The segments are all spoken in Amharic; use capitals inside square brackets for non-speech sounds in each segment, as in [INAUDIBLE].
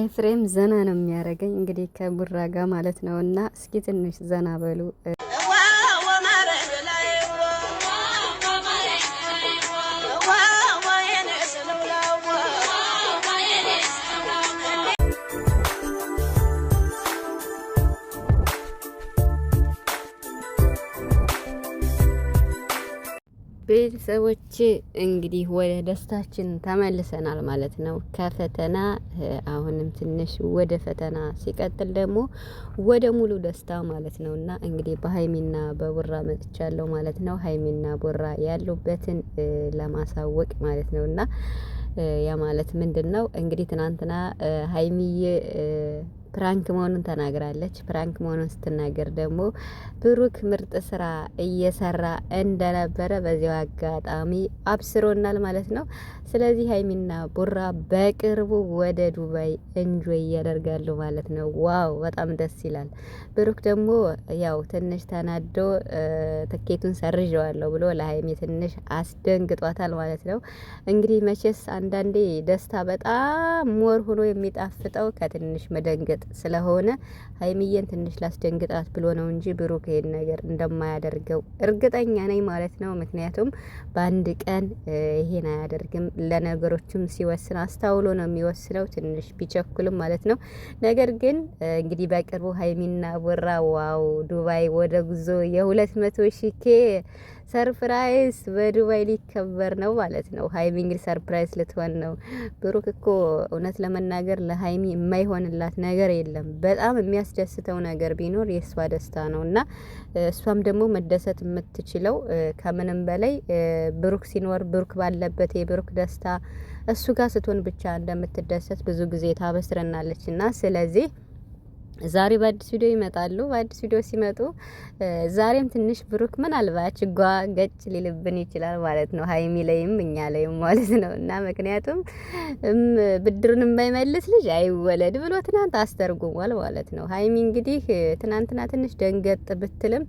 ኤፍሬም ዘና ነው የሚያደርገኝ እንግዲህ ከቡራ ጋር ማለት ነው። እና እስኪ ትንሽ ዘና በሉ ቤተሰቦች እንግዲህ ወደ ደስታችን ተመልሰናል ማለት ነው። ከፈተና አሁንም ትንሽ ወደ ፈተና ሲቀጥል ደግሞ ወደ ሙሉ ደስታ ማለት ነው እና እንግዲህ በሀይሚና በቡራ መጥቻለሁ ማለት ነው። ሀይሚና ቡራ ያሉበትን ለማሳወቅ ማለት ነው እና ያ ማለት ምንድን ነው እንግዲህ ትናንትና ሀይሚዬ ፕራንክ መሆኑን ተናግራለች። ፕራንክ መሆኑን ስትናገር ደግሞ ብሩክ ምርጥ ስራ እየሰራ እንደነበረ በዚያው አጋጣሚ አብስሮናል ማለት ነው። ስለዚህ ሀይሚና ቡራ በቅርቡ ወደ ዱባይ እንጆይ ያደርጋሉ ማለት ነው። ዋው በጣም ደስ ይላል። ብሩክ ደግሞ ያው ትንሽ ተናዶ ትኬቱን ሰርዣዋለሁ ብሎ ለሀይሚ ትንሽ አስደንግጧታል ማለት ነው። እንግዲህ መቼስ አንዳንዴ ደስታ በጣም ሞር ሆኖ የሚጣፍጠው ከትንሽ መደንገጥ ስለሆነ ሀይሚዬን ትንሽ ላስደንግጣት ብሎ ነው እንጂ ብሩክ ይሄን ነገር እንደማያደርገው እርግጠኛ ነኝ ማለት ነው። ምክንያቱም በአንድ ቀን ይሄን አያደርግም። ለነገሮችም ሲወስን አስታውሎ ነው የሚወስነው ትንሽ ቢቸኩልም ማለት ነው። ነገር ግን እንግዲህ በቅርቡ ሀይሚና ቦራ ዋው ዱባይ ወደ ጉዞ የሁለት መቶ ሺኬ ሰርፕራይዝ በዱባይ ሊከበር ነው ማለት ነው። ሀይሚ እንግዲህ ሰርፕራይዝ ልትሆን ነው። ብሩክ እኮ እውነት ለመናገር ለሀይሚ የማይሆንላት ነገር የለም። በጣም የሚያስደስተው ነገር ቢኖር የእሷ ደስታ ነው እና እሷም ደግሞ መደሰት የምትችለው ከምንም በላይ ብሩክ ሲኖር፣ ብሩክ ባለበት የብሩክ ደስታ እሱ ጋር ስትሆን ብቻ እንደምትደሰት ብዙ ጊዜ ታበስረናለች እና ስለዚህ ዛሬ በአዲስ ቪዲዮ ይመጣሉ። በአዲስ ቪዲዮ ሲመጡ ዛሬም ትንሽ ብሩክ ምናልባት ጓ ገጭ ሊልብን ይችላል ማለት ነው፣ ሀይሚ ላይም እኛ ላይም ማለት ነው። እና ምክንያቱም ብድሩን የማይመልስ ልጅ አይወለድ ብሎ ትናንት አስተርጉሟል ማለት ነው። ሀይሚ እንግዲህ ትናንትና ትንሽ ደንገጥ ብትልም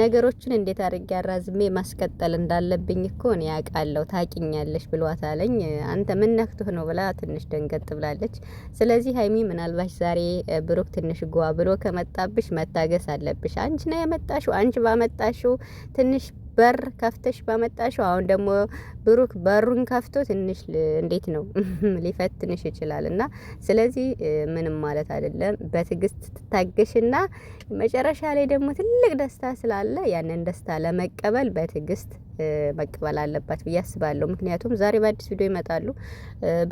ነገሮችን እንዴት አድርጌ አራዝሜ ማስቀጠል እንዳለብኝ እኮ እኔ ያውቃለሁ ታቂኛለሽ ብሏታለኝ። አንተ ምን ነክቶህ ነው ብላ ትንሽ ደንገጥ ብላለች። ስለዚህ ሀይሚ ምናልባት ዛሬ ብሩክ ትንሽ ጓ ብሎ ከመጣብሽ መታገስ አለብሽ። አንቺ ነው የመጣሽው። አንቺ ባመጣሽው ትንሽ በር ከፍተሽ ባመጣሽው። አሁን ደግሞ ብሩክ በሩን ከፍቶ ትንሽ እንዴት ነው [LAUGHS] ሊፈትንሽ ይችላል። እና ስለዚህ ምንም ማለት አይደለም። በትዕግስት ትታገሽና መጨረሻ ላይ ደግሞ ትልቅ ደስታ ስላለ ያንን ደስታ ለመቀበል በትዕግስት መቀበል አለባት ብዬ አስባለሁ። ምክንያቱም ዛሬ በአዲስ ቪዲዮ ይመጣሉ።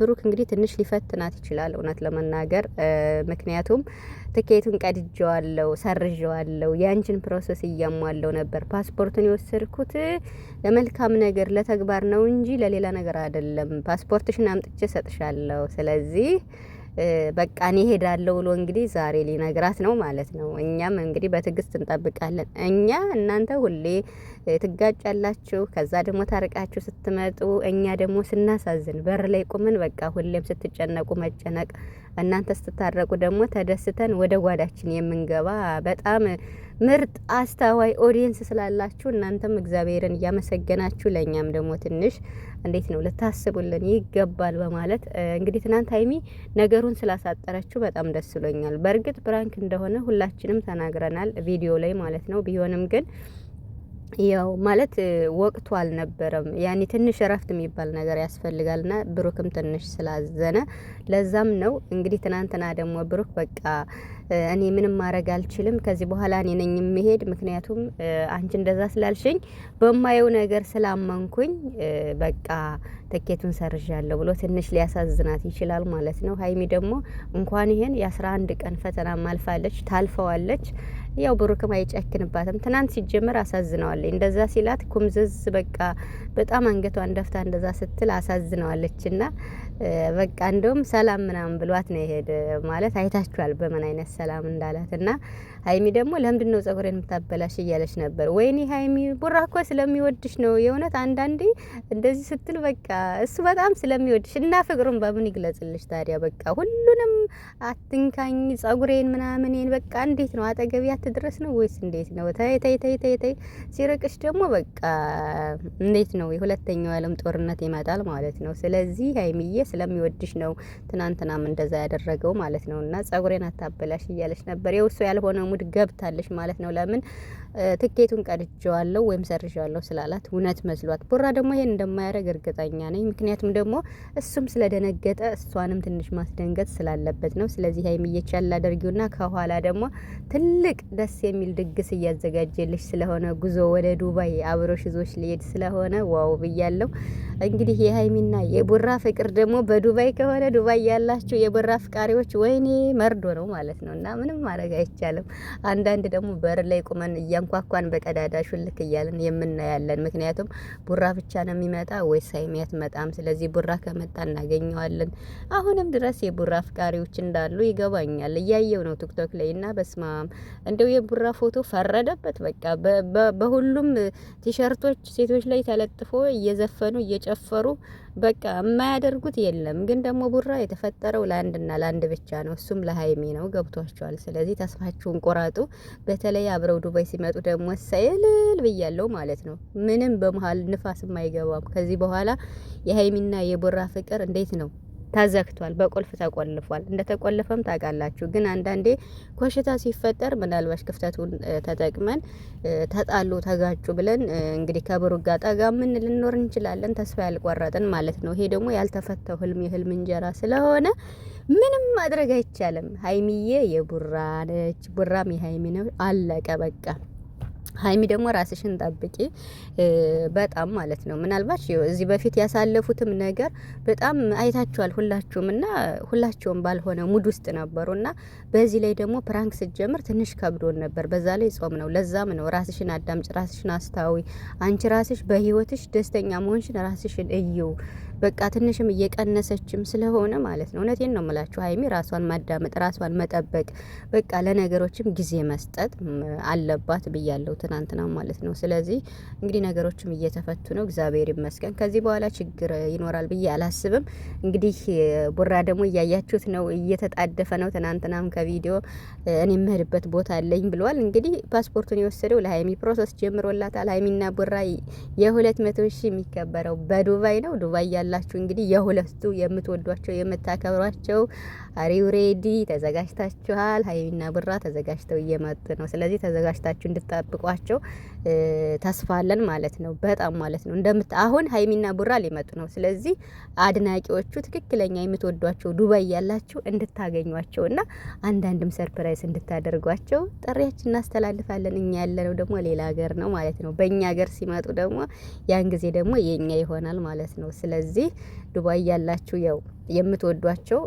ብሩክ እንግዲህ ትንሽ ሊፈትናት ይችላል እውነት ለመናገር ምክንያቱም ትኬቱን ቀድጄዋለሁ፣ ሰርዤዋለሁ፣ የአንቺን ፕሮሰስ እያሟለው ነበር። ፓስፖርቱን የወሰድኩት ለመልካም ነገር ለተግባር ነው እንጂ ለሌላ ነገር አይደለም። ፓስፖርትሽን አምጥቼ ሰጥሻለሁ። ስለዚህ በቃ እኔ ብሎ እንግዲህ ዛሬ ሊነግራት ነው ማለት ነው። እኛም እንግዲህ በትዕግስት እንጠብቃለን። እኛ እናንተ ሁሌ ትጋጫላችሁ፣ ከዛ ደግሞ ታርቃችሁ ስትመጡ እኛ ደግሞ ስናሳዝን በር ላይ ቁምን። በቃ ሁሌም ስትጨነቁ መጨነቅ፣ እናንተ ስትታረቁ ደግሞ ተደስተን ወደ ጓዳችን የምንገባ በጣም ምርጥ አስታዋይ ኦዲየንስ ስላላችሁ እናንተም እግዚአብሔርን እያመሰገናችሁ ለእኛም ደግሞ ትንሽ እንዴት ነው ልታስቡልን ይገባል በማለት እንግዲህ ትናንት ሀይሚ ነገሩን ስላሳጠረችው በጣም ደስ ብሎኛል። በእርግጥ ብራንክ እንደሆነ ሁላችንም ተናግረናል ቪዲዮ ላይ ማለት ነው። ቢሆንም ግን ያው ማለት ወቅቱ አልነበረም። ያኔ ትንሽ እረፍት የሚባል ነገር ያስፈልጋልና ብሩክም ትንሽ ስላዘነ ለዛም ነው እንግዲህ ትናንትና ደግሞ ብሩክ በቃ እኔ ምንም ማድረግ አልችልም፣ ከዚህ በኋላ እኔ ነኝ የምሄድ፣ ምክንያቱም አንቺ እንደዛ ስላልሽኝ በማየው ነገር ስላመንኩኝ በቃ ትኬቱን ሰርዣለሁ ብሎ ትንሽ ሊያሳዝናት ይችላል ማለት ነው። ሀይሚ ደግሞ እንኳን ይሄን የአስራ አንድ ቀን ፈተና ማልፋለች፣ ታልፈዋለች። ያው ብሩክም አይጨክንባትም። ትናንት ሲጀምር አሳዝነዋለች። እንደዛ ሲላት ኩምዝዝ በቃ በጣም አንገቷ እንደፍታ እንደዛ ስትል አሳዝነዋለች እና በቃ እንደውም ሰላም ምናምን ብሏት ነው የሄደ ማለት አይታችኋል፣ በምን አይነት ሰላም እንዳላት እና ሀይሚ ደግሞ ለምንድን ነው ጸጉሬን የምታበላሽ እያለች ነበር። ወይኔ ሀይሚ ቡራ እኮ ስለሚወድሽ ነው የእውነት አንዳንዴ እንደዚህ ስትል በቃ እሱ በጣም ስለሚወድሽ እና ፍቅሩን በምን ይግለጽልሽ ታዲያ? በቃ ሁሉንም አትንካኝ፣ ጸጉሬን ምናምንን በቃ እንዴት ነው አጠገቢ አትድረስ ነው ወይስ እንዴት ነው? ተይ ተይ ተይ ተይ ተይ። ሲርቅሽ ደግሞ በቃ እንዴት ነው የሁለተኛው ዓለም ጦርነት ይመጣል ማለት ነው። ስለዚህ ሀይሚዬ ስለሚወድሽ ነው ትናንትናም እንደዛ ያደረገው ማለት ነው። እና ጸጉሬን አታበላሽ እያለች ነበር። የውሱ ያልሆነ ሙድ ገብታለች ማለት ነው። ለምን ትኬቱን ቀድጀዋለሁ ወይም ሰርዣዋለሁ ስላላት እውነት መስሏት። ቦራ ደግሞ ይሄን እንደማያደርግ እርግጠኛ ነኝ። ምክንያቱም ደግሞ እሱም ስለደነገጠ እሷንም ትንሽ ማስደንገጥ ስላለበት ነው። ስለዚህ ሀይሚዬ ቻል አድርጊውና ከኋላ ደግሞ ትልቅ ደስ የሚል ድግስ እያዘጋጀልሽ ስለሆነ ጉዞ ወደ ዱባይ አብሮሽ ይዞሽ ሊሄድ ስለሆነ ዋው ብያለሁ። እንግዲህ የሀይሚና የቡራ ፍቅር ደግሞ በዱባይ ከሆነ ዱባይ ያላችሁ የቡራ ፍቃሪዎች ወይኔ መርዶ ነው ማለት ነው እና ምንም ማድረግ አይቻልም። አንዳንድ ደግሞ በር ላይ ቁመን እያንኳኳን በቀዳዳ ሹልክ እያለን የምናያለን። ምክንያቱም ቡራ ብቻ ነው የሚመጣ ወይስ ሀይሚያት አትመጣም። ስለዚህ ቡራ ከመጣ እናገኘዋለን። አሁንም ድረስ የቡራ አፍቃሪዎች እንዳሉ ይገባኛል። እያየው ነው ቲክቶክ ላይ እና በስማም እንደው የቡራ ፎቶ ፈረደበት። በቃ በሁሉም ቲሸርቶች ሴቶች ላይ ተለጥፎ እየዘፈኑ እየጨፈሩ በቃ የማያደርጉት የለም። ግን ደግሞ ቡራ የተፈጠረው ለአንድና ለአንድ ብቻ ነው፣ እሱም ለሀይሚ ነው። ገብቷቸዋል። ስለዚህ ተስፋችሁን ቆራጡ። በተለይ አብረው ዱባይ ሲመጡ ደግሞ ሰይልል ብያለው ማለት ነው። ምንም በመሀል ንፋስ አይገባም። ከዚህ በኋላ የሀይሚና የቡራ ፍቅር እንዴት ነው ተዘግቷል፣ በቁልፍ ተቆልፏል። እንደተቆለፈም ታውቃላችሁ። ግን አንዳንዴ ኮሽታ ሲፈጠር ምናልባሽ ክፍተቱን ተጠቅመን ተጣሉ፣ ተጋጩ ብለን እንግዲህ ከብሩክ ጋር ጠጋ ምን ልኖር እንችላለን። ተስፋ ያልቆረጥን ማለት ነው። ይሄ ደግሞ ያልተፈተው ህልም የህልም እንጀራ ስለሆነ ምንም ማድረግ አይቻልም። ሀይሚዬ የቡራ ነች፣ ቡራም የሀይሚ ነው። አለቀ በቃ። ሀይሚ ደግሞ ራስሽን ጠብቂ በጣም ማለት ነው። ምናልባት እዚህ በፊት ያሳለፉትም ነገር በጣም አይታችኋል ሁላችሁም እና ሁላችሁም ባልሆነ ሙድ ውስጥ ነበሩ እና በዚህ ላይ ደግሞ ፕራንክ ስትጀምር ትንሽ ከብዶን ነበር። በዛ ላይ ጾም ነው። ለዛም ነው ራስሽን አዳምጭ፣ ራስሽን አስታዊ። አንቺ ራስሽ በህይወትሽ ደስተኛ መሆንሽን ራስሽን እይው። በቃ ትንሽም እየቀነሰችም ስለሆነ ማለት ነው። እውነቴን ነው የምላችሁ ሀይሚ ራሷን ማዳመጥ፣ ራሷን መጠበቅ፣ በቃ ለነገሮችም ጊዜ መስጠት አለባት ብያለሁ። ትናንትና ማለት ነው። ስለዚህ እንግዲህ ነገሮችም እየተፈቱ ነው፣ እግዚአብሔር ይመስገን። ከዚህ በኋላ ችግር ይኖራል ብዬ አላስብም። እንግዲህ ቡራ ደግሞ እያያችሁት ነው፣ እየተጣደፈ ነው። ትናንትናም ከቪዲዮ እኔ የምሄድበት ቦታ አለኝ ብሏል። እንግዲህ ፓስፖርቱን የወሰደው ለሀይሚ ፕሮሰስ ጀምሮላታል። ሀይሚና ቡራ የሁለት መቶ ሺህ የሚከበረው በዱባይ ነው። ዱባይ ያላችሁ እንግዲህ የሁለቱ የምትወዷቸው የምታከብሯቸው አሪው ሬዲ ተዘጋጅታችኋል። ሀይሚና ቡራ ተዘጋጅተው እየመጡ ነው። ስለዚህ ተዘጋጅታችሁ እንድትጠብቁ እንደሚለቋቸው ተስፋለን ማለት ነው። በጣም ማለት ነው እንደምት አሁን ሀይሚና ቡራ ሊመጡ ነው። ስለዚህ አድናቂዎቹ ትክክለኛ የምትወዷቸው ዱባይ ያላችሁ እና አንዳንድም ሰርፕራይዝ እንድታደርጓቸው ጥሪያችን እናስተላልፋለን። እኛ ያለነው ደግሞ ሌላ ሀገር ነው ማለት ነው። በእኛ ሀገር ሲመጡ ደግሞ ያን ጊዜ ደግሞ የእኛ ይሆናል ማለት ነው። ስለዚህ ዱባይ ያላችሁ ያው የምትወዷቸው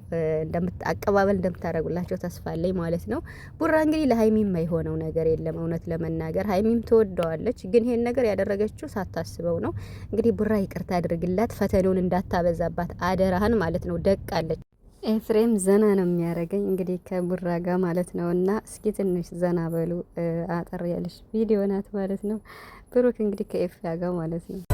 አቀባበል እንደምታደርጉላቸው ተስፋ አለኝ ማለት ነው። ቡራ እንግዲህ ለሀይሚም የማይሆነው ነገር የለም እውነት ለመናገር ሀይሚም ትወደዋለች፣ ግን ይሄን ነገር ያደረገችው ሳታስበው ነው። እንግዲህ ቡራ ይቅርታ ያድርግላት፣ ፈተናውን እንዳታበዛባት አደራህን ማለት ነው። ደቃለች ኤፍሬም ዘና ነው የሚያደርገኝ እንግዲህ ከቡራ ጋር ማለት ነው። እና እስኪ ትንሽ ዘና በሉ። አጠር ያለች ቪዲዮ ናት ማለት ነው። ብሩክ እንግዲህ ከኤፍያ ጋር ማለት ነው